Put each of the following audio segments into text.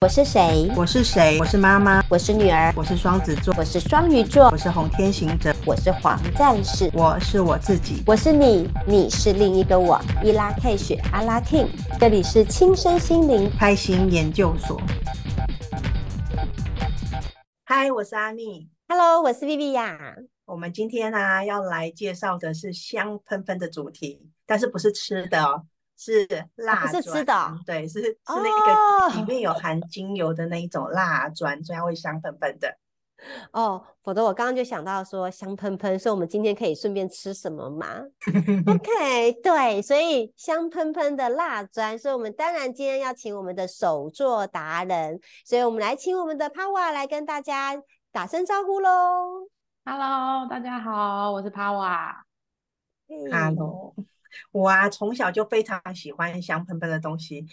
我是誰？我是誰？我是媽媽。我是女兒。我是雙子座。我是雙魚座。我是紅天行者。我是黃戰士。我是我自己。我是你。你是另一個我。伊拉克雪阿拉汀。這裡是親身心靈開心言究所。嗨，我是阿妮。Hello，我是 Vivi 呀。我們今天呢、啊、要來介紹的是香噴噴的主題，但是不是吃的哦。是蠟磚、啊、哦，對，是是那個裡面有含精油的那一種蠟磚。磚、哦、會香噴噴的。哦，否則我剛剛就想到說香噴噴，所以我們今天可以順便吃什麼嗎？ o、okay, k 對，所以香噴噴的蠟磚，所以我們當然今天要請我們的手作達人，所以我們來請我們的 Pawa 來跟大家打聲招呼嘍。Hello，大家好，我是 Pawa。Hello。我啊，從小就非常喜歡香噴噴的東西。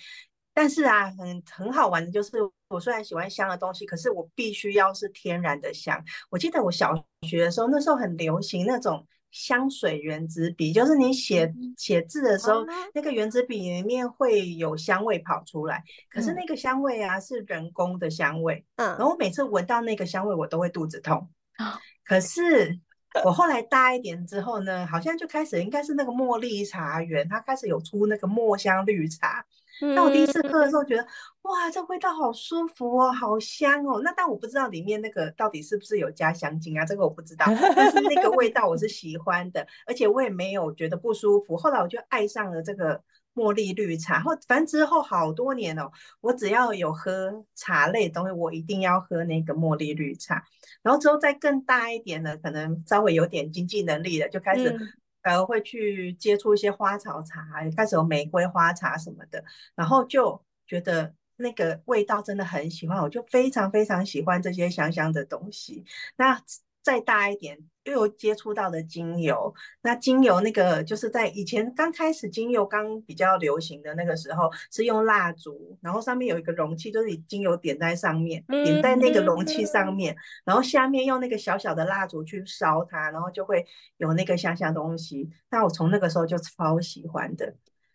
但是啊，很很好玩的就是，我雖然喜歡香的東西，可是我必須要是天然的香。我記得我小學的時候，那時候很流行那種香水原子筆，就是你寫寫字的時候，嗯、那個原子筆裡面會有香味跑出來。可是那個香味啊、嗯，是人工的香味。嗯，然後每次聞到那個香味，我都會肚子痛。嗯、可是。我後來大一點之後呢，好像就開始應該是那個茉莉茶園，它開始有出那個茉香綠茶。那、嗯、我第一次喝的時候覺得，哇，這味道好舒服哦，好香哦。那但我不知道裡面那個到底是不是有加香精啊，這個我不知道。但是那個味道我是喜歡的， 而且我也沒有覺得不舒服。後來我就愛上了這個。茉莉綠茶，然後反正之後好多年哦、喔，我只要有喝茶類的東西，我一定要喝那個茉莉綠茶。然後之後再更大一點的，可能稍微有點經濟能力的，就開始、嗯、呃會去接觸一些花草茶，開始有玫瑰花茶什麼的，然後就覺得那個味道真的很喜歡，我就非常非常喜歡這些香香的東西。那。再大一點，又有接觸到的精油。那精油那個就是在以前剛開始精油剛比較流行的那個時候，是用蠟燭，然後上面有一個容器，就是精油點在上面，點在那個容器上面，嗯，然後下面用那個小小的蠟燭去燒它，然後就會有那個香香東西。那我從那個時候就超喜歡的。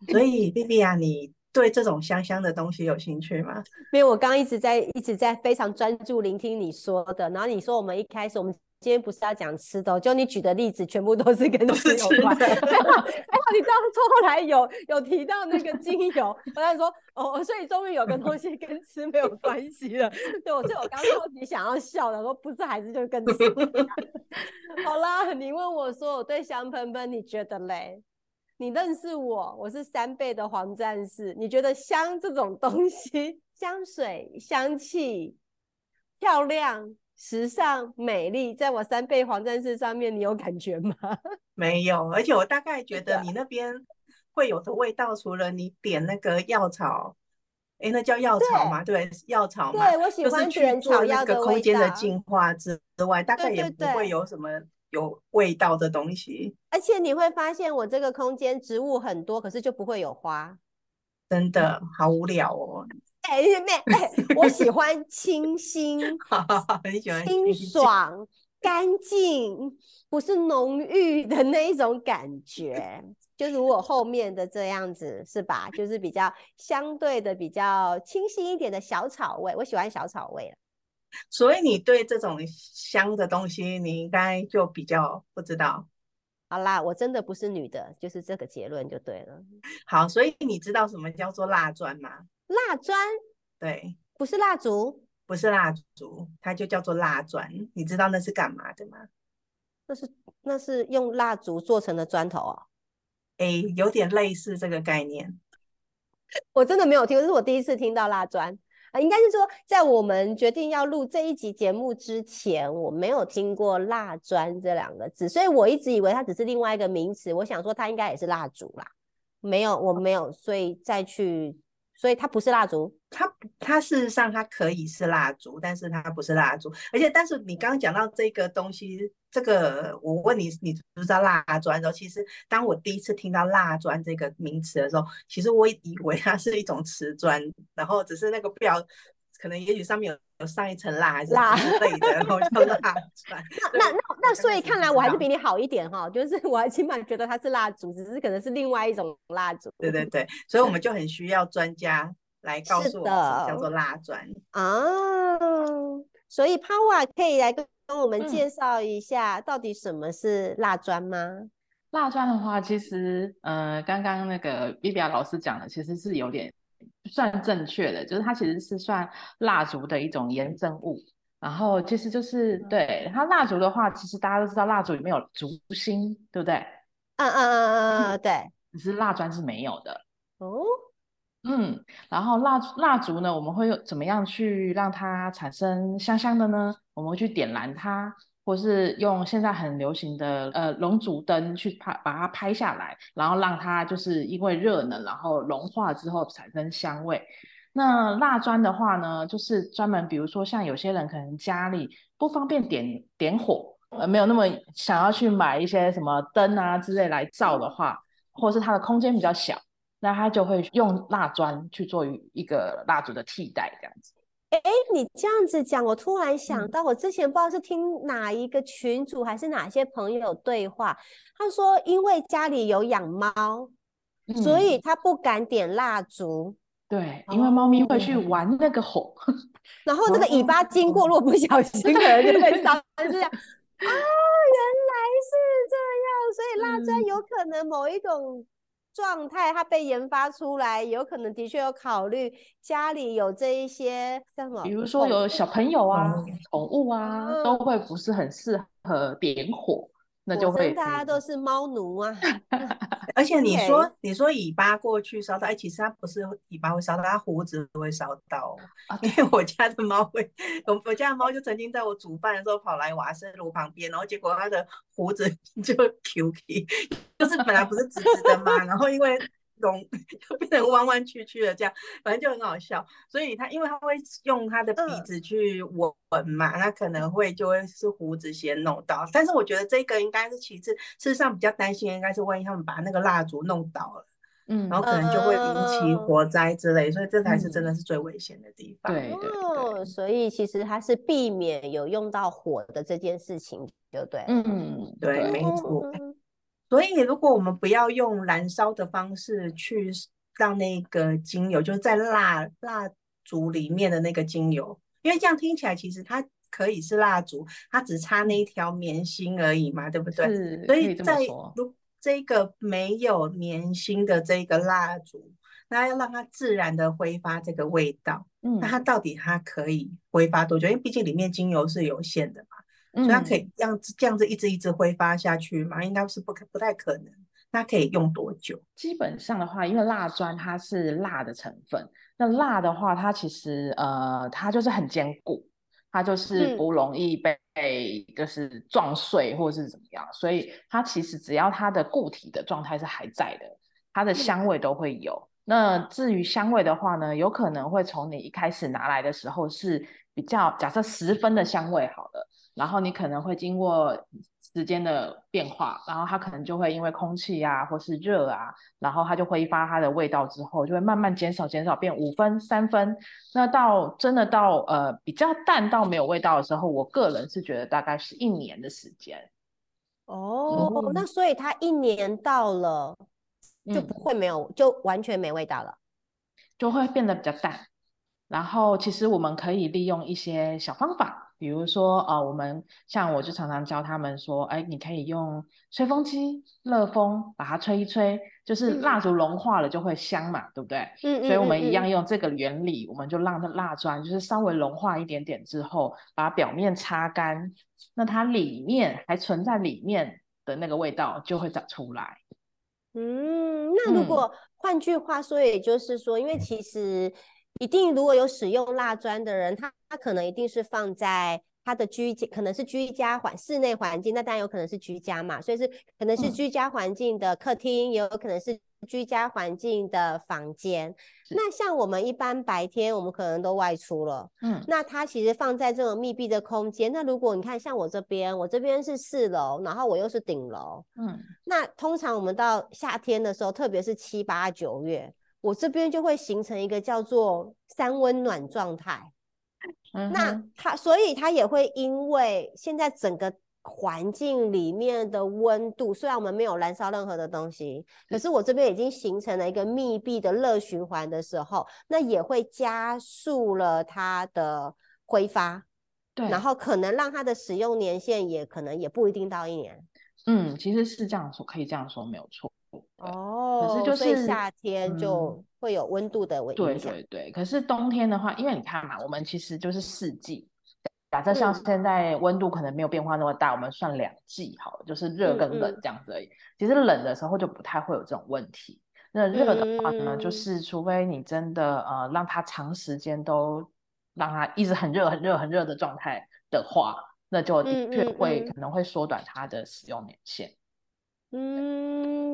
所以，B B 啊， Vivian，你對這種香香的東西有興趣嗎？因為我剛剛一直在一直在非常專注聆聽你說的，然後你說，我們一開始我們。今天不是要講吃的、哦，就你舉的例子全部都是跟吃有關的。還好、哎 哎、你到後來有有提到那個精油， 我在說哦，所以終於有個東西跟吃沒有關係了。對我，所以我剛剛超級想要笑的，我說，不是還是就跟吃。 好啦，你問我說我對香噴噴你覺得嘞？你認識我，我是三倍的黃戰士。你覺得香這種東西，香水、香氣、漂亮。時尚美麗，在我三倍黃戰士上面，你有感覺嗎？沒有，而且我大概覺得你那邊會有的味道， 除了你點那個藥草，哎、欸，那叫藥草嗎？對，藥草嘛，對，對，對，嘛對我喜歡去做一個空間的淨化之外，大概也不會有什麼有味道的東西。對對對，而且你會發現，我這個空間植物很多，可是就不會有花，真的好無聊哦。哎，妹，我喜歡清新，很喜歡清爽、 乾淨，不是濃郁的那一種感覺。就如我後面的這樣子，是吧？就是比較相對的、比較清新一點的小草味，我喜歡小草味。所以你對這種香的東西，你應該就比較不知道。好啦，我真的不是女的，就是這個結論就對了。好，所以你知道什麼叫做蠟磚嗎？蠟磚對，不是蠟燭，不是蠟燭，它就叫做蠟磚。你知道那是幹嘛的嗎？那是那是用蠟燭做成的磚頭哦。哎、欸，有點類似這個概念。我真的沒有聽過，這是我第一次聽到蠟磚啊。應該是說，在我們決定要錄這一集節目之前，我沒有聽過蠟磚這兩個字，所以我一直以為它只是另外一個名詞。我想說，它應該也是蠟燭啦。沒有，我沒有，所以再去。所以它不是蠟燭，它它事實上它可以是蠟燭，但是它不是蠟燭。而且，但是你剛剛講到這個東西，這個我問你，你知不知道蠟磚？然後，其實當我第一次聽到蠟磚這個名詞的時候，其實我以為它是一種瓷磚，然後只是那個表可能也許上面有。有上一層蠟還是之類的，好 像蠟，蠟那那那，那所以看來我還是比你好一點哈，就是我還起碼覺得它是蠟燭，只是可能是另外一種蠟燭。對對對，所以我們就很需要專家來告訴我們叫做蠟磚啊。Oh, 所以 Pawa 可以來跟我們介紹一下到底什麼是蠟磚嗎？嗯、蠟磚的話，其實呃，剛剛那個 Vivian 老師講的其實是有點。算正確的，就是它其實是算蠟燭的一種衍生物。然後其實就是，嗯、對它蠟燭的話，其實大家都知道蠟燭裡面有燭芯，對不對？啊啊啊嗯嗯，對、嗯嗯，只是蠟磚是沒有的哦。嗯，然後蠟蠟燭呢，我們會用怎麼樣去讓它產生香香的呢？我們會去點燃它。或是用現在很流行的呃融燭燈，去拍，把它拍下來，然後讓它就是因為熱能，然後融化之後產生香味。那蠟磚的話呢，就是專門，比如說像有些人可能家裡不方便點點火，呃，沒有那麼想要去買一些什麼燈啊之類來照的話，或是它的空間比較小，那他就會用蠟磚去做一一個蠟燭的替代這樣子。哎、欸，你這樣子講，我突然想到，我之前不知道是聽哪一個群組，還是哪些朋友對話，他說，因為家裡有養貓、嗯，所以他不敢點蠟燭。對，因為貓咪會去玩那個火、哦嗯，然後那個尾巴經過，嗯、如果不小心，嗯、可能就會燒。 是這樣啊、哦，原來是這樣，所以蠟燭有可能某一種。狀態它被研發出來，有可能的確有考慮家裡有這一些像什麼，比如說有小朋友啊、哦、寵物啊，都會不是很適合點火。那就會，大家都是貓奴啊 、嗯。而且你說， 你說尾巴過去燒到，哎、欸，其實它不是尾巴會燒到，它鬍子會燒到、啊。因為我家的貓會，我我家的貓就曾經在我煮飯的時候跑來瓦斯爐旁邊，然後結果它的鬍子就 Q K， 就是本來不是直直的嘛， 然後因為。就 變成彎彎曲曲的，這樣反正就很好笑。所以他，因為他會用他的鼻子去聞嘛，那、嗯、可能會就會是鬍子先弄到。但是我覺得這個應該是其次，事實上比較擔心的應該是萬一他們把那個蠟燭弄倒了，嗯，然後可能就會引起火災之類、呃，所以這才是真的是最危險的地方。嗯、對對、對、哦、所以其實他是避免有用到火的這件事情就對，就、嗯、對。嗯，對，嗯、沒錯。嗯嗯所以，如果我們不要用燃燒的方式去讓那個精油，就是在蠟蠟燭裡面的那個精油，因為這樣聽起來其實它可以是蠟燭，它只差那一條棉芯而已嘛，對不對？所以，在如這個沒有棉芯的這個蠟燭，那、啊、要讓它自然的揮發這個味道，嗯，那它到底它可以揮發多久？因為畢竟裡面精油是有限的嘛。嗯，所以它可以這樣子這樣子一直一直揮發下去嗎？應該是不可不太可能。那可以用多久？基本上的話，因為蠟磚它是蠟的成分，那蠟的話，它其實呃，它就是很堅固，它就是不容易被就是撞碎或者是怎麼樣。所以它其實只要它的固體的狀態是還在的，它的香味都會有。那至於香味的話呢，有可能會從你一開始拿來的時候是比較假設十分的香味好了。然後你可能會經過時間的變化，然後它可能就會因為空氣啊，或是熱啊，然後它就揮發它的味道之後，就會慢慢減少、減少，變五分、三分。那到真的到呃比較淡到沒有味道的時候，我個人是覺得大概是一年的時間。哦，嗯、那所以它一年到了就不會沒有、嗯，就完全沒味道了，就會變得比較淡。然後其實我們可以利用一些小方法。比如說，呃，我們像我就常常教他們說，哎，你可以用吹風機熱風把它吹一吹，就是蠟燭融化了就會香嘛，嗯、對不對？嗯，所以我們一樣用這個原理，嗯嗯、我們就讓它蠟磚就是稍微融化一點點之後，把表面擦乾，那它裡面還存在裡面的那個味道就會長出來。嗯，那如果、嗯、換句話說，也就是說，因為其實。一定如果有使用蠟磚的人，他他可能一定是放在他的居家，可能是居家環室內環境，那當然有可能是居家嘛，所以是可能是居家環境的客廳，嗯、也有可能是居家環境的房間。那像我們一般白天，我們可能都外出了，嗯，那它其實放在這種密閉的空間。那如果你看像我這邊，我這邊是四樓，然後我又是頂樓，嗯，那通常我們到夏天的時候，特別是七八九月。我這邊就會形成一個叫做“三溫暖”狀態，嗯，那它，所以它也會因為現在整個環境裡面的溫度，雖然我們沒有燃燒任何的東西，可是我這邊已經形成了一個密閉的熱循環的時候，那也會加速了它的揮發，對，然後可能讓它的使用年限也可能也不一定到一年。嗯，其實是這樣說，可以這樣說，沒有錯。哦，可是、就是，所以夏天就會有溫度的問題、嗯。對對對，可是冬天的話，因為你看嘛，我們其實就是四季。假設像現在溫度可能沒有變化那麼大，嗯、我們算兩季好了，就是熱跟冷這樣子而已嗯嗯。其實冷的時候就不太會有這種問題。那熱的話呢，嗯、就是除非你真的呃讓它長時間都讓它一直很熱、很熱、很熱的狀態的話，那就的確會嗯嗯嗯可能會縮短它的使用年限。嗯，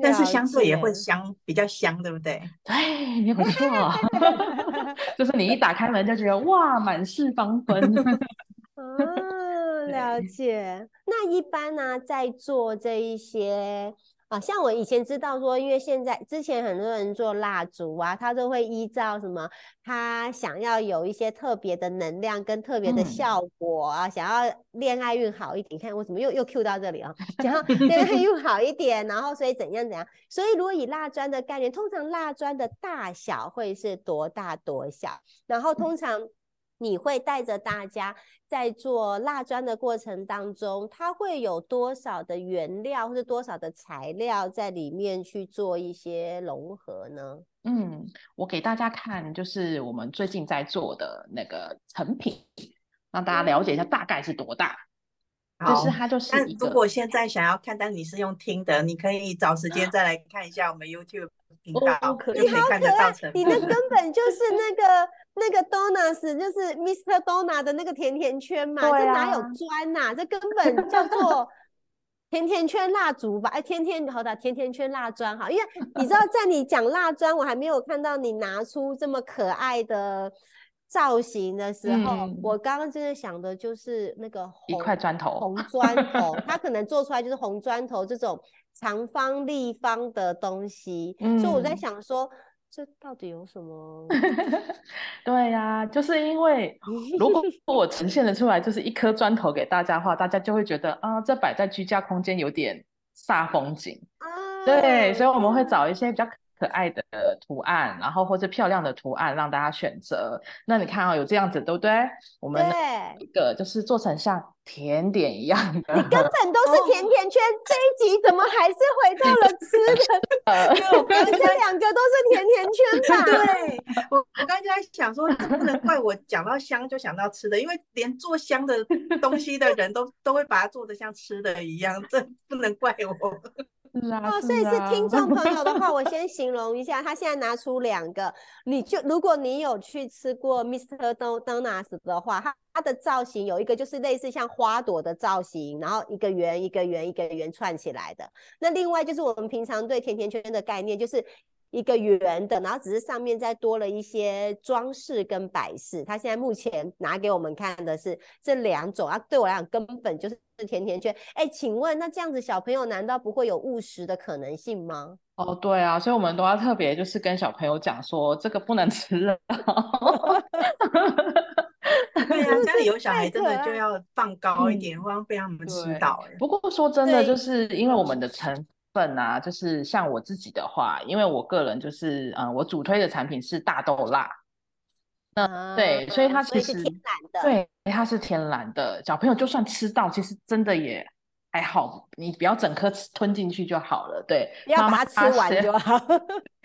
但是香水也會香，比較香，對不對？對，也不錯。 就是你一打開門就覺得哇，滿室芳芬。嗯 哦，了解。那一般呢、啊，在做這一些。啊，像我以前知道說，因為現在之前很多人做蠟燭啊，他都會依照什麼？他想要有一些特別的能量跟特別的效果啊，嗯、想要戀愛運好一點。你看，我怎麼又又 Q 到這裡啊、哦？想要戀愛運好一點， 然後所以怎樣怎樣？所以如果以蠟磚的概念，通常蠟磚的大小會是多大多小？然後通常、嗯。你會帶着大家在做蠟磚的過程當中，它會有多少的原料或者多少的材料在裡面去做一些融合呢？嗯，我給大家看，就是我們最近在做的那個成品，讓大家了解一下大概是多大。嗯、就是它就是。如果現在想要看，但你是用聽的，你可以找時間再來看一下我們 YouTube 頻道，哦好可愛，就可以看得到成品你。你的根本就是那個。 那個 donuts 就是 Mr. Donut 的那個甜甜圈嘛？對、啊，這哪有磚吶、啊？這根本叫做甜甜圈蠟燭吧？ 哎，甜甜好的甜甜圈蠟磚哈，因為你知道，在你講蠟磚， 我還沒有看到你拿出這麼可愛的造型的時候，嗯、我剛剛真的想的就是那個紅、一塊磚頭，紅磚頭， 它可能做出來就是紅磚頭這種長方立方的東西，嗯、所以我在想說。這到底有什麼？ 對呀、啊，就是因為如果說我呈現的出來就是一顆磚頭給大家的話，大家就會覺得啊、呃，這擺在居家空間有點煞風景。Oh. 對，所以我們會找一些比較。可愛的圖案，然後或者漂亮的圖案，讓大家選擇。那你看啊、哦，有這樣子，對不對？對，我們一個就是做成像甜點一樣的，你根本都是甜甜圈。哦、這一集怎麼還是回到了吃的？有，這 兩,兩個都是甜甜圈的。 對， 我我剛剛就在想說，這不能怪我講到香就想到吃的，因為連做香的東西的人都 都，都會把它做得像吃的一樣，這不能怪我。啊啊、 哦，所以是聽眾朋友的話，我先形容一下，他現在拿出兩個，你就如果你有去吃過 Mister Donut 的話，它的造型有一個就是類似像花朵的造型，然後一個圓一個圓一個圓串起來的，那另外就是我們平常對甜甜圈的概念就是。一個圓的，然後只是上面再多了一些裝飾跟擺飾。他現在目前拿給我們看的是這兩種，啊，對我來講根本就是甜甜圈。哎，請問那這樣子小朋友難道不會有誤食的可能性嗎？哦，對啊，所以我們都要特別就是跟小朋友講說這個不能吃了。 對呀、啊，家裡有小孩真的就要放高一點，不然被他們吃到。不過說真的，就是因為我們的稱份啊，就是像我自己的話，因為我個人就是，嗯、呃，我主推的產品是大豆蠟，嗯，對，所以它其實是天然的，對，它是天然的，小朋友就算吃到，其實真的也還好，你不要整顆吞進去就好了，對，媽媽吃完就好，媽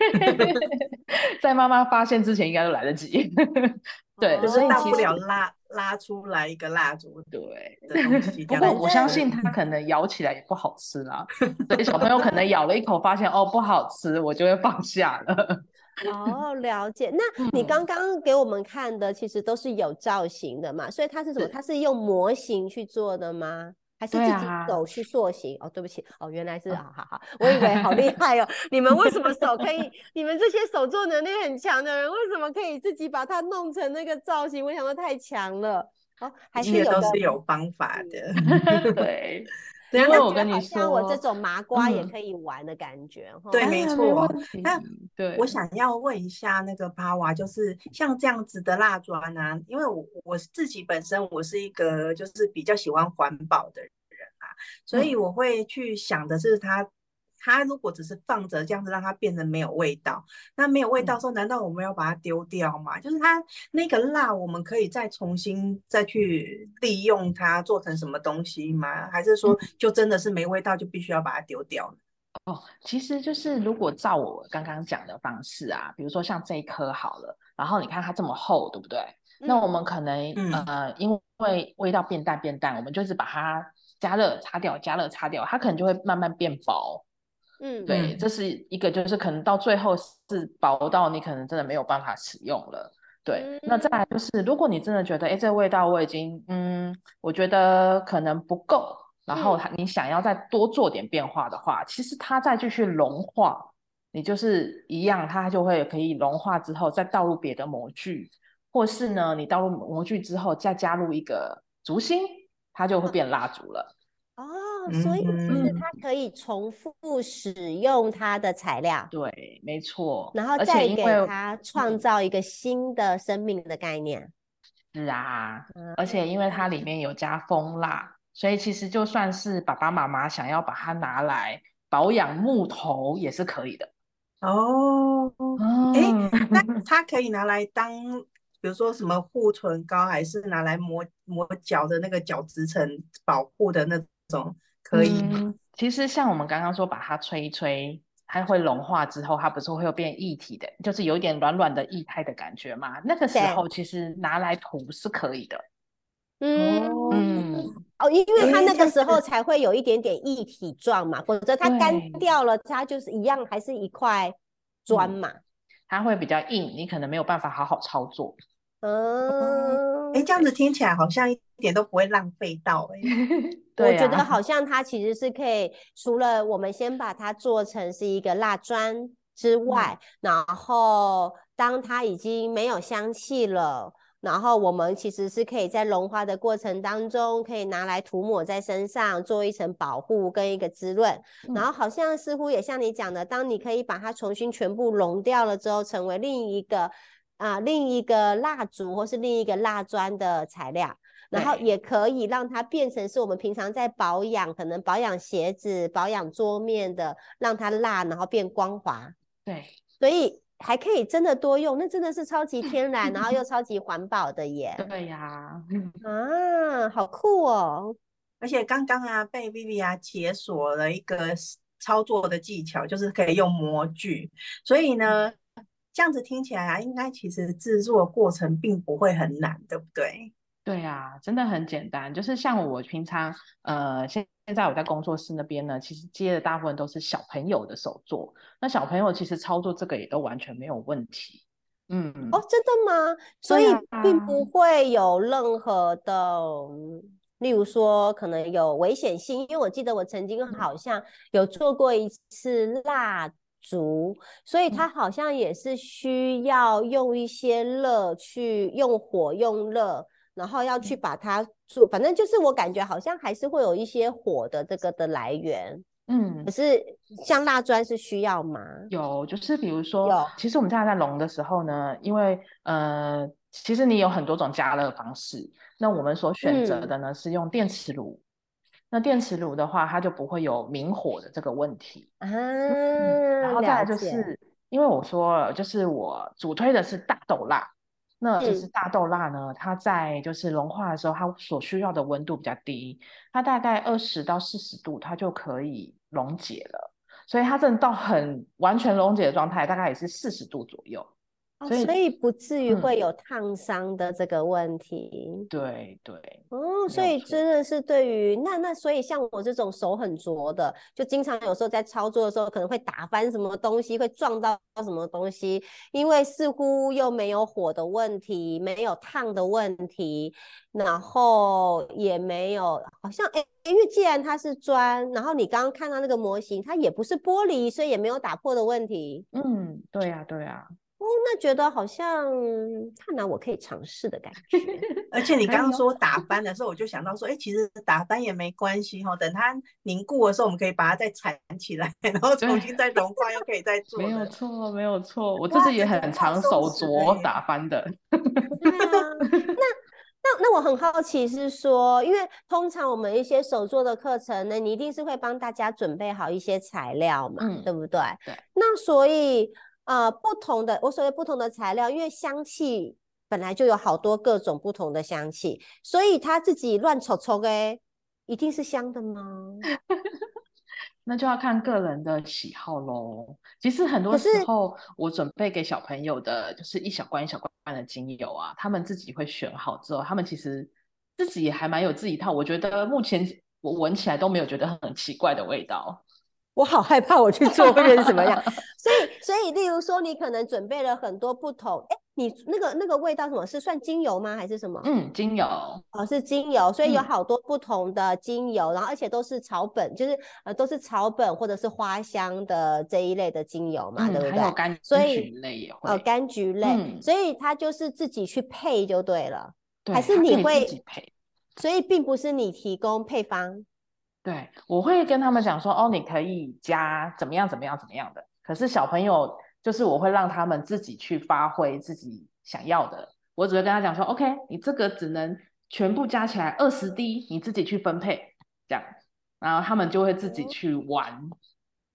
媽 在媽媽發現之前應該都來得及，嗯、 對，所以吃不了辣。拉出來一個蠟燭，對。 不過我相信它可能咬起來也不好吃啦，啊，所以小朋友可能咬了一口，發現 哦，不好吃，我就會放下了。哦，了解。那你剛剛給我們看的，其實都是有造型的嘛，嗯，所以它是什麼？它是用模型去做的嗎？嗯還是自己手去塑形，啊，哦，對不起哦，原來是，哦，好哈哈，我以為好厲害哦， 你們為什麼手可以？你們這些手作能力很強的人， 為什麼可以自己把它弄成那個造型？我想說太強了，哦，啊。還是有都是有方法的， 對。對，那我覺得好像我這種麻瓜也可以玩的感覺，對，嗯嗯、沒錯。那對，我想要問一下那個 Pawa，就是像這樣子的蠟磚啊，因為我我自己本身我是一個就是比較喜歡環保的人啊，嗯、所以我會去想的是它。它如果只是放着這樣子，讓它變成沒有味道，那沒有味道時候，難道我們要把它丟掉嗎？嗯？就是它那個蠟，我們可以再重新再去利用它做成什麼東西嗎？還是說就真的是沒味道，就必須要把它丟掉呢？哦，其實就是如果照我剛剛講的方式啊，比如說像這一顆好了，然後你看它這麼厚，對不對？嗯、那我們可能、嗯、呃，因為味道變淡變淡，我們就是把它加熱擦掉，加熱擦掉，它可能就會慢慢變薄。嗯，對，這是一個，就是可能到最後是薄到你可能真的沒有辦法使用了。對，那再來就是，如果你真的覺得，哎，這個、味道我已經，嗯，我覺得可能不夠，然後你想要再多做點變化的話、嗯，其實它再繼續融化，你就是一樣，它就會可以融化之後再倒入別的模具，或是呢，你倒入模具之後再加入一個燭芯，它就會變蠟燭了。嗯哦、所以其實它可以重複使用它的材料。嗯，對，沒錯。然後再給它創造一個新的生命的概念。是啊，而且因為它裡面有加蜂蠟，所以其實就算是爸爸媽媽想要把它拿來保養木頭也是可以的。哦，哎，那它可以拿來當，比如說什麼護唇膏，還是拿來磨磨腳的那個角質層保護的那種？可以。嗯，其實像我們剛剛說，把它吹一吹，它會融化之後，它不是會有變液體的，就是有一點軟軟的液態的感覺嘛。那個時候其實拿來塗是可以的。嗯，嗯哦，因為它那個時候才會有一點點液體狀嘛，否則它乾掉了，它就是一樣，還是一塊磚嘛。嗯。它會比較硬，你可能沒有辦法好好操作。嗯，哎，這樣子聽起來好像一點都不會浪費到哎、欸。 對、啊，我覺得好像它其實是可以，除了我們先把它做成是一個蠟磚之外、嗯，然後當它已經沒有香氣了，然後我們其實是可以在融化的過程當中，可以拿來塗抹在身上，做一層保護跟一個滋潤、嗯。然後好像似乎也像你講的，當你可以把它重新全部融掉了之後，成為另一個。啊，另一個蠟燭或是另一個蠟磚的材料，然後也可以讓它變成是我們平常在保養，可能保養鞋子、保養桌面的，讓它蠟，然後變光滑。對，所以還可以真的多用，那真的是超級天然，嗯、然後又超級環保的耶。對呀、啊嗯，啊，好酷哦！而且剛剛啊，被 Vivian 解鎖了一個操作的技巧，就是可以用模具，所以呢。嗯這樣子聽起來啊，應該其實製作過程並不會很難，對不對？對啊，真的很簡單。就是像我平常，呃，現在我在工作室那邊呢，其實接的大部分都是小朋友的手作。那小朋友其實操作這個也都完全沒有問題。嗯。哦，真的嗎、啊？所以並不會有任何的，例如說可能有危險性。因為我記得我曾經好像有做過一次蠟。足，所以它好像也是需要用一些熱去用火用熱，然後要去把它煮。反正就是我感覺好像還是會有一些火的這個的來源。嗯，可是像蠟磚是需要嗎？有，就是比如說，有。其實我們現在在熔的時候呢，因為呃，其實你有很多種加熱方式。那我們所選擇的呢，嗯，是用電磁爐。那電磁爐的話，它就不會有明火的這個問題。嗯，嗯，然後再來就是因為我說了，就是我主推的是大豆蠟。那就是大豆蠟呢，它在就是融化的時候，它所需要的溫度比較低，它大概二十到四十度，它就可以溶解了。所以它真的到很完全溶解的狀態，大概也是四十度左右。所以，嗯、所以不至於會有燙傷的這個問題。對對哦、嗯，所以真的是對於那那，那所以像我這種手很拙的，就經常有時候在操作的時候，可能會打翻什麼東西，會撞到什麼東西。因為似乎又沒有火的問題，沒有燙的問題，然後也沒有好像，誒，因為既然它是磚，然後你剛剛看到那個模型，它也不是玻璃，所以也沒有打破的問題。嗯，對啊，對啊。哦、那覺得好像看到我可以嘗試的感覺。 而且你剛剛說打翻的時候，我就想到說，哎、欸，其實打翻也沒關係哈、哦。等它凝固的時候，我們可以把它再纏起來，然後重新再融化， 又可以再做。沒有錯，沒有錯。我這次也很常手鐲打翻的。 對啊，那那，那我很好奇是說，因為通常我們一些手作的課程呢，你一定是會幫大家準備好一些材料嘛，嗯、對不對？對。那所以，呃不同的，我所謂不同的材料，因為香氣本來就有好多各種不同的香氣，所以他自己亂湊湊哎，一定是香的嗎？ 那就要看個人的喜好嘍。其實很多時候，我準備給小朋友的，就是一小罐一小罐的精油啊，他們自己會選好之後，他們其實自己也還蠻有自己一套。我覺得目前我聞起來都沒有覺得很奇怪的味道。我好害怕，我去做會變成什麼樣？ 所以，所以，例如說，你可能準備了很多不同。哎，你那個那個味道什麼是算精油嗎？還是什麼？嗯，精油哦，是精油。所以有好多不同的精油，嗯、然後而且都是草本，就是呃都是草本或者是花香的這一類的精油嘛，嗯、對不對？所以，還有柑橘類也會哦，柑橘類、嗯，所以它就是自己去配就對了。對，還是你會自己配？所以並不是你提供配方。對，我會跟他們講說，哦，你可以加怎麼樣怎麼樣怎麼樣的。可是小朋友就是我會讓他們自己去發揮自己想要的，我只會跟他講說，OK，你這個只能全部加起來二十滴，20滴,你自己去分配這樣，然後他們就會自己去玩，嗯、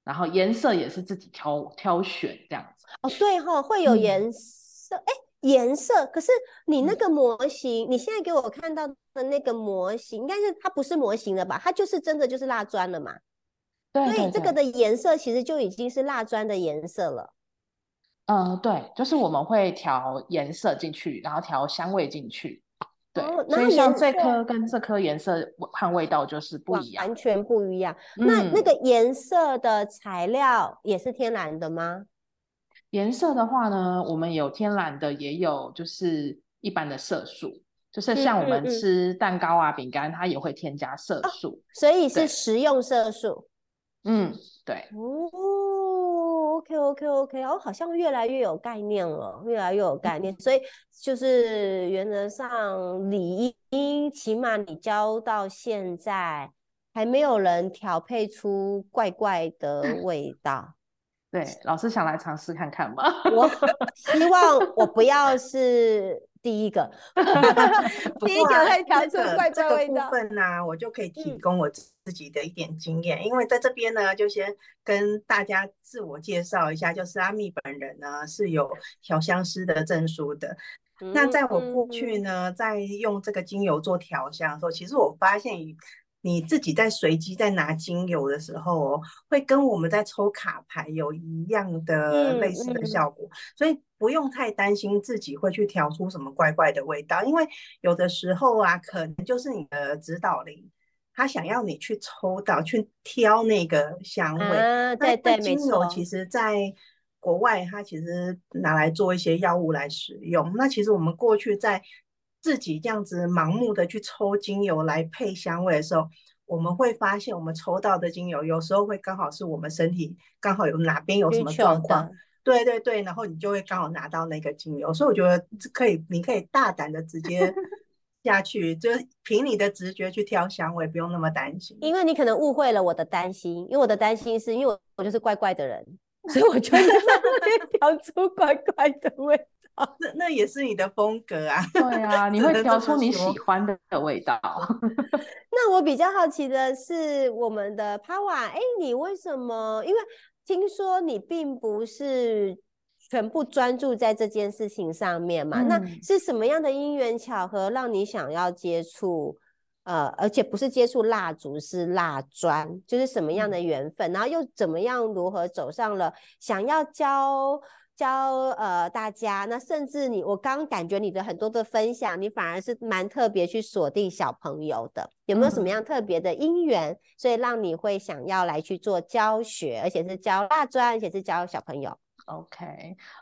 然後顏色也是自己挑挑選這樣子哦，所以哦會有顏色哎。嗯誒顏色，可是你那個模型，嗯，你現在給我看到的那個模型，應該是它不是模型了吧？它就是真的，就是蠟磚了嘛。對對對。所以這個的顏色其實就已經是蠟磚的顏色了。嗯，對，就是我們會調顏色進去，然後調香味進去。對。哦，那顏色？對，所以像這顆跟這顆顏色、換味道就是不一樣，完全不一樣。嗯。那那個顏色的材料也是天然的嗎？顏色的話呢，我們有天然的，也有就是一般的色素，就是像我們吃蛋糕啊、 餅乾，它也會添加色素，哦、所以是食用色素。嗯，對。哦，OK，OK，OK，哦，okay, okay, okay. Oh, 好像越來越有概念了，越來越有概念。 所以就是原則上理應起碼你教到現在，還沒有人調配出怪怪的味道。嗯對，老師想來嘗試看看嗎？ 我希望我不要是第一個，第 一 過、啊 這個會調出怪味這個部分呢、啊， 我就可以提供我自己的一點經驗、嗯。因為在這邊呢，就先跟大家自我介紹一下，就是阿密本人呢是有調香師的證書的。那在我過去呢，在用這個精油做調香的時候，其實我發現一你自己在隨機在拿精油的時候哦，會跟我們在抽卡牌有一樣的類似的效果，嗯嗯、所以不用太擔心自己會去調出什麼怪怪的味道，因為有的時候啊，可能就是你的指導靈他想要你去抽到去挑那個香味。啊、那對精油其實在國外，它、啊、其實拿來做一些藥物來使用。那其實我們過去在。自己這樣子盲目的去抽精油來配香味的時候，我們會發現我們抽到的精油有時候會剛好是我們身體剛好有哪邊有什麼狀況，對對對，然後你就會剛好拿到那個精油，嗯。所以我覺得可以，你可以大膽的直接下去， 就憑你的直覺去挑香味，不用那麼擔心。因為你可能誤會了我的擔心，因為我的擔心是因為我我就是怪怪的人。 所以我覺得會調出怪怪的味道， 那那也是你的風格啊。對啊，你會調出你喜歡的味道。 那我比較好奇的是，我們的 Pawa，哎，你為什麼？因為聽說你並不是全部專注在這件事情上面嘛？嗯、那是什麼樣的因緣巧合讓你想要接觸？呃，而且不是接觸蠟燭，是蠟磚，就是什麼樣的緣分，然後又怎麼樣如何走上了想要教教呃大家，那甚至你我剛感覺你的很多的分享，你反而是蠻特別去鎖定小朋友的，有沒有什麼樣特別的因緣，嗯，所以讓你會想要來去做教學，而且是教蠟磚，而且是教小朋友。OK，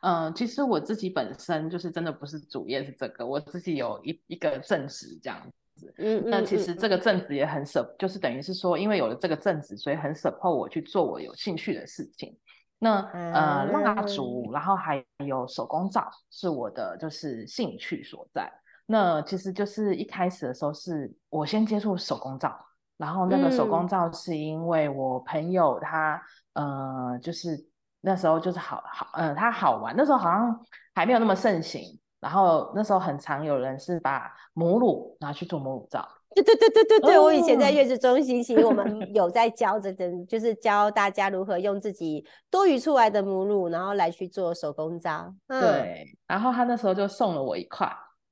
嗯，呃，其實我自己本身就是真的不是主業是這個，我自己有一一個證實這樣嗯,嗯，嗯，那其實這個鎮子也很舍，就是等於是說，因為有了這個鎮子，所以很 support 我去做我有興趣的事情。那、嗯、呃，蠟燭，然後還有手工皂是我的就是興趣所在。那其實就是一開始的時候是我先接觸手工皂，然後那個手工皂是因為我朋友他、嗯、呃，就是那時候就是好好呃他好玩，那時候好像還沒有那麼盛行。然後那時候很常有人是把母乳拿去做母乳皂。對對對對對對，oh. 我以前在月子中心，其實我們有在教着的， 就是教大家如何用自己多餘出來的母乳，然後來去做手工皂。對、嗯，然後他那時候就送了我一塊，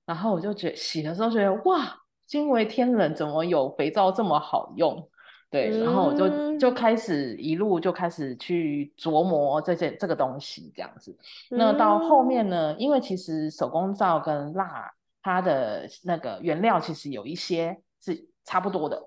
然後我就覺洗的時候覺得哇，驚為天人，怎麼有肥皂這麼好用？對，然後我就就開始一路就開始去琢磨這些這個東西這樣子。那到後面呢，因為其實手工皂跟蠟它的那個原料其實有一些是差不多的。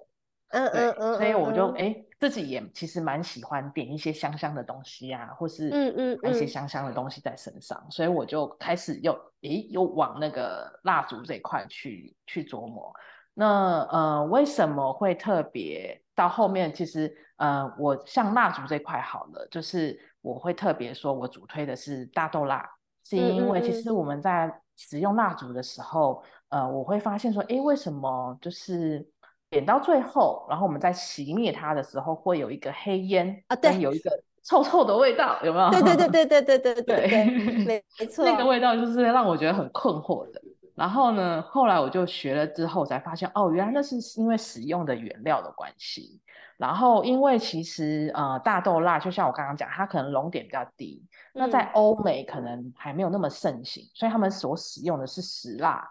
嗯嗯嗯。所以我就哎，自己也其實蠻喜歡點一些香香的東西啊，或是嗯嗯一些香香的東西在身上，嗯嗯嗯。所以我就開始又誒又往那個蠟燭這一塊去去琢磨。那呃，為什麼會特別？到後面其實，呃，我像蠟燭這塊好了，就是我會特別說，我主推的是大豆蠟，是因為其實我們在使用蠟燭的時候嗯嗯，呃，我會發現說，誒，為什麼就是點到最後，然後我們在熄滅它的時候，會有一個黑煙啊，對，有一個臭臭的味道，有沒有？對對對對對對對對，沒錯， 那個味道就是讓我覺得很困惑的。然後呢，後來我就學了之後才發現，哦，原來那是因為使用的原料的關係。然後因為其實呃，大豆蠟就像我剛剛講，它可能熔點比較低，嗯，那在歐美可能還沒有那麼盛行，所以他們所使用的是石蠟。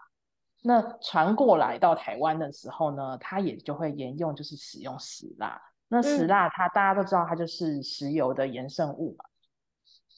那傳過來到台灣的時候呢，它也就會沿用，就是使用石蠟。那石蠟它，嗯、大家都知道，它就是石油的衍生物嘛，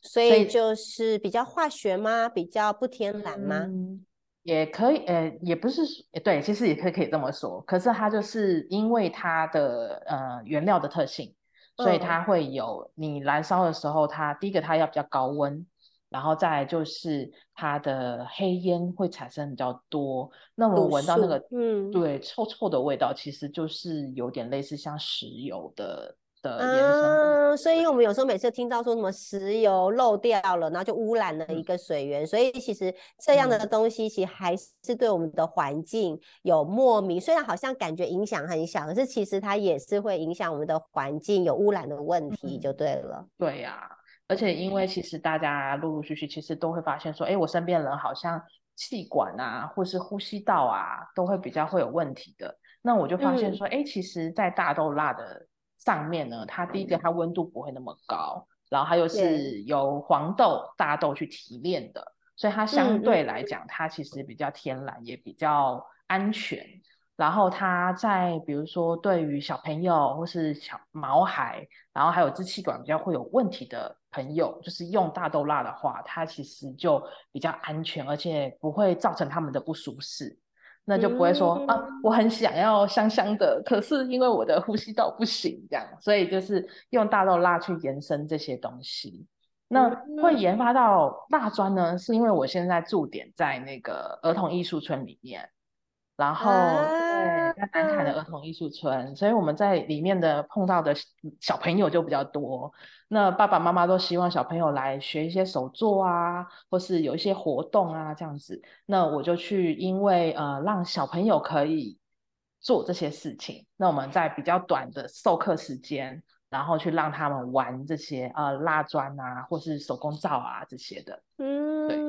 所以就是比較化學嗎？比較不天然嗎？嗯也可以，呃、欸，也不是說、欸，對，其實也可以，可以這麼說。可是它就是因為它的呃原料的特性，所以它會有、嗯、你燃燒的時候，它第一個它要比較高溫，然後再來就是它的黑煙會產生比較多。那我聞到那個，嗯，對，臭臭的味道，其實就是有點類似像石油的。嗯、啊，所以，我們有時候每次聽到說什麼石油漏掉了，然後就污染了一個水源，嗯、所以其實這樣的東西其實還是對我們的環境有莫名、嗯。雖然好像感覺影響很小，可是其實它也是會影響我們的環境有污染的問題，就對了。嗯、對呀、啊，而且因為其實大家陸陸續續其實都會發現說，哎，我身邊人好像氣管啊，或是呼吸道啊，都會比較會有問題的。那我就發現說，哎，其實在大豆蠟的。上面呢，它第一個它溫度不會那麼高，然後它又是由黃豆、yeah. 大豆去提煉的，所以它相對來講，yeah. 它其實比較天然，也比較安全。然後它在比如說對於小朋友或是小毛孩，然後還有支氣管比較會有問題的朋友，就是用大豆蠟的話，它其實就比較安全，而且不會造成他們的不舒適。那就不會說啊，我很想要香香的，可是因為我的呼吸道不行，這樣，所以就是用大豆蠟去延伸這些東西。那會研發到蠟磚呢，是因為我現在駐點在那個兒童藝術村裡面。然後對，啊、在南海的兒童藝術村，所以我們在裡面的碰到的小朋友就比較多。那爸爸媽媽都希望小朋友來學一些手作啊，或是有一些活動啊這樣子。那我就去，因為呃，讓小朋友可以做這些事情。那我們在比較短的授課時間，然後去讓他們玩這些呃蠟磚啊，或是手工皂啊這些的。嗯，對。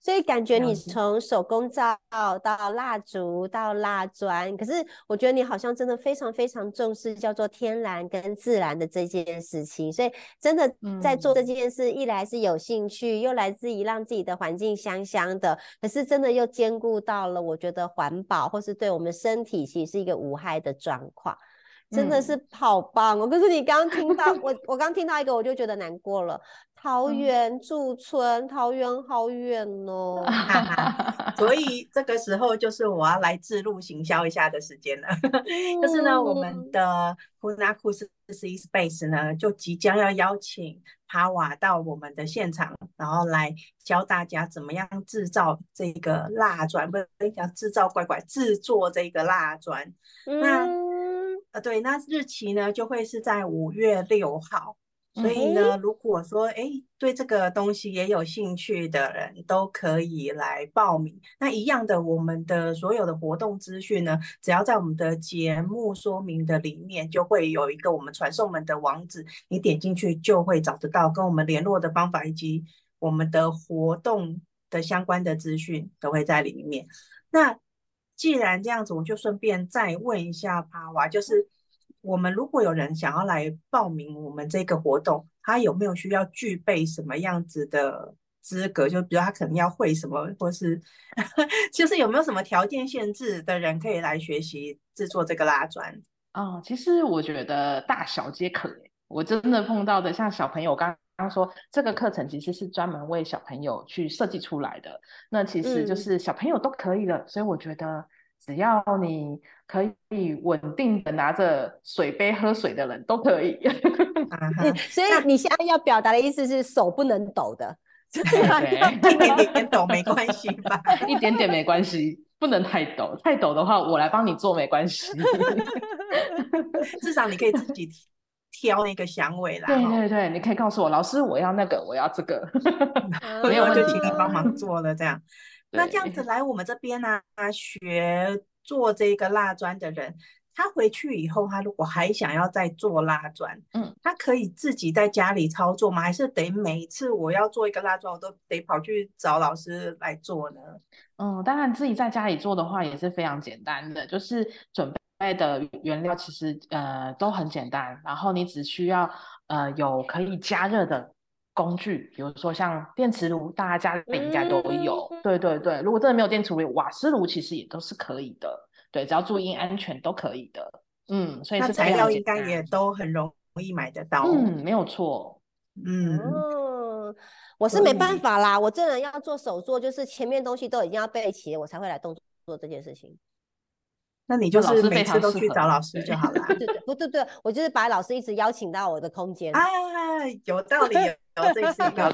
所以感覺你從手工皂到蠟燭到蠟磚，可是我覺得你好像真的非常非常重視叫做天然跟自然的這件事情。所以真的在做這件事，嗯、一來是有興趣，又來自於讓自己的環境香香的，可是真的又兼顧到了我覺得環保或是對我們身體其實是一個無害的狀況。真的是好棒哦、嗯！可是你剛聽到、嗯、我，我剛聽到一個，我就覺得難過了。 桃園駐村，桃園好遠哦，哈、啊、哈。所以這個時候就是我要來置入行銷一下的時間了。 就是呢，嗯、我們的 Hunabku 441 Space 呢，就即將要邀請帕瓦到我們的現場，然後來教大家怎麼樣製造這個蠟磚，不是講製造乖乖製作這個蠟磚，那、嗯呃，對，那日期呢就會是在五月六號，嗯，所以呢，如果說哎對這個東西也有興趣的人都可以來報名。那一樣的，我們的所有的活動資訊呢，只要在我們的節目說明的裡面就會有一個我們傳送門的網址，你點進去就會找得到跟我們聯絡的方法，以及我們的活動的相關的資訊都會在裡面。那既然這樣子，我就順便再問一下帕娃，就是我們如果有人想要來報名我們這個活動，他有沒有需要具備什麼樣子的資格？就比如他可能要會什麼，或是 就是有沒有什麼條件限制的人可以來學習製作這個蠟磚？哦，其實我覺得大小皆可，我真的碰到的像小朋友剛。他說：“這個課程其實是專門為小朋友去設計出來的，那其實就是小朋友都可以了，嗯。所以我覺得，只要你可以穩定的拿着水杯喝水的人都可以。Uh -huh. 所以你現在要表達的意思是手不能抖的， 對 一點點抖沒關係吧？ 一點點沒關係，不能太抖。太抖的話，我來幫你做沒關係。 至少你可以自己。”挑那個香味來。對對對，哦、你可以告訴我，老師，我要那個，我要這個， 沒有問題，就請你幫忙做了這樣。 那這樣子來，我們這邊呢、啊，學做這個蠟磚的人，他回去以後，他如果還想要再做蠟磚，嗯，他可以自己在家裡操作嗎？還是得每次我要做一個蠟磚，我都得跑去找老師來做呢？嗯，當然自己在家裡做的話也是非常簡單的，就是準備。備的原料其實呃都很簡單，然後你只需要呃有可以加熱的工具，比如說像電磁爐，大家家裡應該都有，嗯。對對對，如果真的沒有電磁爐，瓦斯爐其實也都是可以的。對，只要注意安全都可以的。嗯，所以那材料應該也都很容易買得到。嗯，沒有錯。嗯，嗯，我是沒辦法啦，我這人要做手作，就是前面東西都已經要備齊，我才會來動手做這件事情。那你就是每次都去找老師就好了啊。對， 對，對對，不對，對，對，對我就是把老師一直邀請到我的空間，哎。哎，有道理有。 這個不要上班。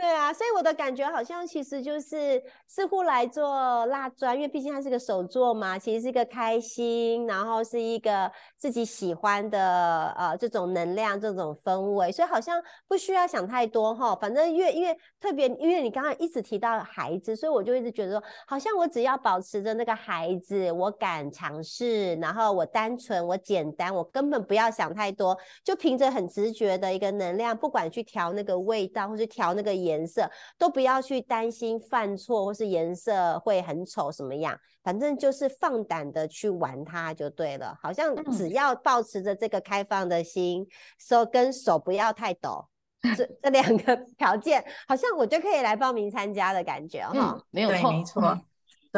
對啊，所以我的感覺好像其實就是似乎來做蠟磚，因為畢竟它是個手作嘛，其實是一個開心，然後是一個自己喜歡的呃這種能量、這種氛圍，所以好像不需要想太多哈。反正因為因為特別，因為你剛剛一直提到孩子，所以我就一直覺得說，好像我只要保持着那個孩子，我敢嘗試，然後我單純，我簡單，我根本不要想太多，就憑着很直覺，的一個能量，不管去調那個味道，或是調那個顏色，都不要去擔心犯錯，或是顏色會很醜什麼樣。反正就是放膽的去玩它就對了。好像只要保持着這個開放的心，手、嗯 so, 跟手不要太抖，這、 so, 這兩個條件，好像我就可以來報名參加的感覺哈。沒有錯，沒錯。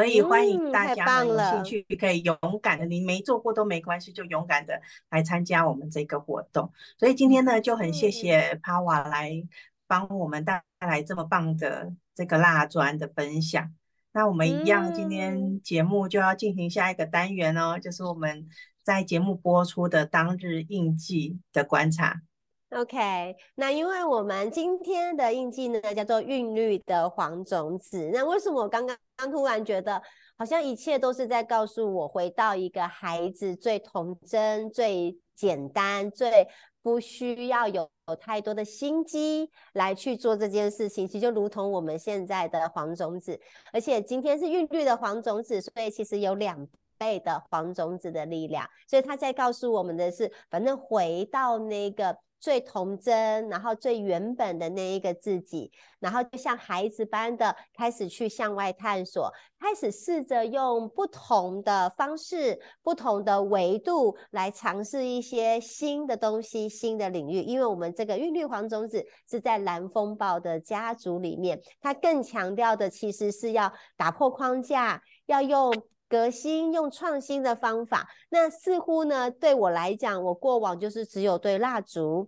所以歡迎大家有興趣，可以勇敢的、嗯，你沒做過都沒關係，就勇敢的來參加我們這個活動。所以今天呢，就很謝謝 Pawa 來幫我們帶帶來這麼棒的這個蠟磚的分享。那我們一樣，今天節目就要進行下一個單元哦、嗯，就是我們在節目播出的當日印記的觀察。OK，那因為我們今天的印記呢，叫做韻律的黃種子。那為什麼我剛剛，剛突然覺得好像一切都是在告訴我回到一個孩子最童真、最簡單、最不需要有有太多的心機來去做這件事情？其實就如同我們現在的黃種子，而且今天是韻律的黃種子，所以其實有兩倍的黃種子的力量。所以他在告訴我們的是，反正回到那個。最童真，然後最原本的那一個自己，然後就像孩子般的開始去向外探索，開始試着用不同的方式、不同的維度來嘗試一些新的東西、新的領域。因為我們這個韻律黃種子是在藍風暴的家族裡面，它更強調的其實是要打破框架，要用。革新用創新的方法，那似乎呢，對我來講，我過往就是只有對蠟燭。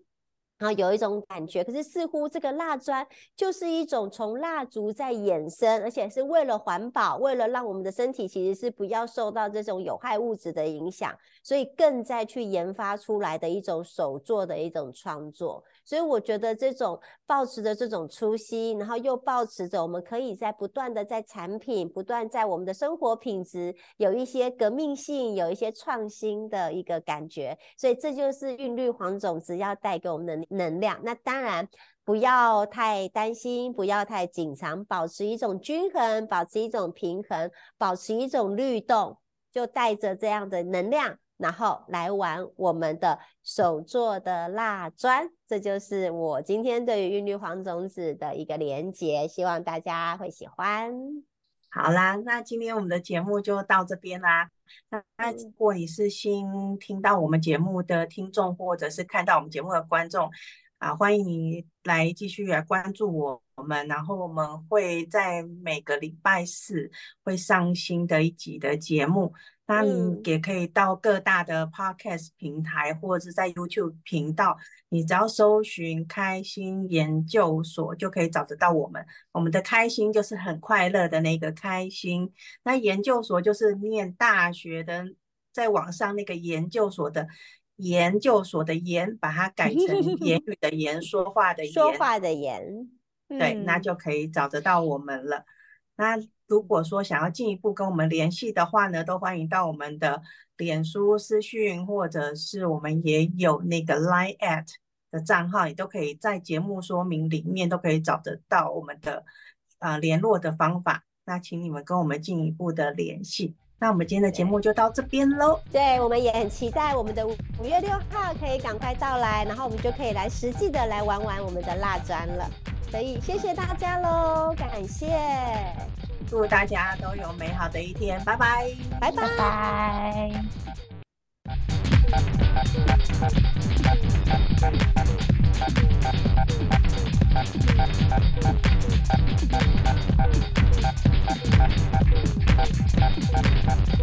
然後有一種感覺，可是似乎這個蠟磚就是一種從蠟燭再衍生，而且是為了環保，為了讓我們的身體其實是不要受到這種有害物質的影響，所以更再去研發出來的一種手作的一種創作。所以我覺得這種抱持著這種初心，然後又抱持著我們可以在不斷的在產品，不斷在我們的生活品質有一些革命性、有一些創新的一個感覺。所以這就是韻律黃種子要帶給我們的。能量，那當然不要太擔心，不要太緊張，保持一種均衡，保持一種平衡，保持一種律動，就帶着這樣的能量，然後來玩我們的手做的蠟磚。這就是我今天對於韻律黃種子的一個連結，希望大家會喜歡。好啦，那今天我們的節目就到這邊啦。那如果你是新聽到我們節目的聽眾，或者是看到我們節目的觀眾，啊，歡迎你來繼續來關注我們。然後我們會在每個禮拜四會上新的一集的節目。那你也可以到各大的 podcast 平台，嗯，或者是在 YouTube 頻道，你只要搜尋“開心言究所”就可以找得到我們。我們的開心就是很快樂的那個開心，那研究所就是念大學的，在網上那個研究所的研究所的研，把它改成言語的言， 說話的言，說話的言，對、嗯，那就可以找得到我們了。那。如果說想要進一步跟我們聯繫的話呢，都歡迎到我們的臉書私訊，或者是我們也有那個 Line@ 的賬號，也都可以在節目說明裡面都可以找得到我們的啊、呃、聯絡的方法。那請你們跟我們進一步的聯繫。那我們今天的節目就到這邊嘍。對，我們也很期待我們的五月六號可以趕快到來，然後我們就可以來實際的來玩玩我們的蠟磚了。所以謝謝大家嘍，感謝。祝大家都有美好的一天，拜拜，拜拜 拜拜。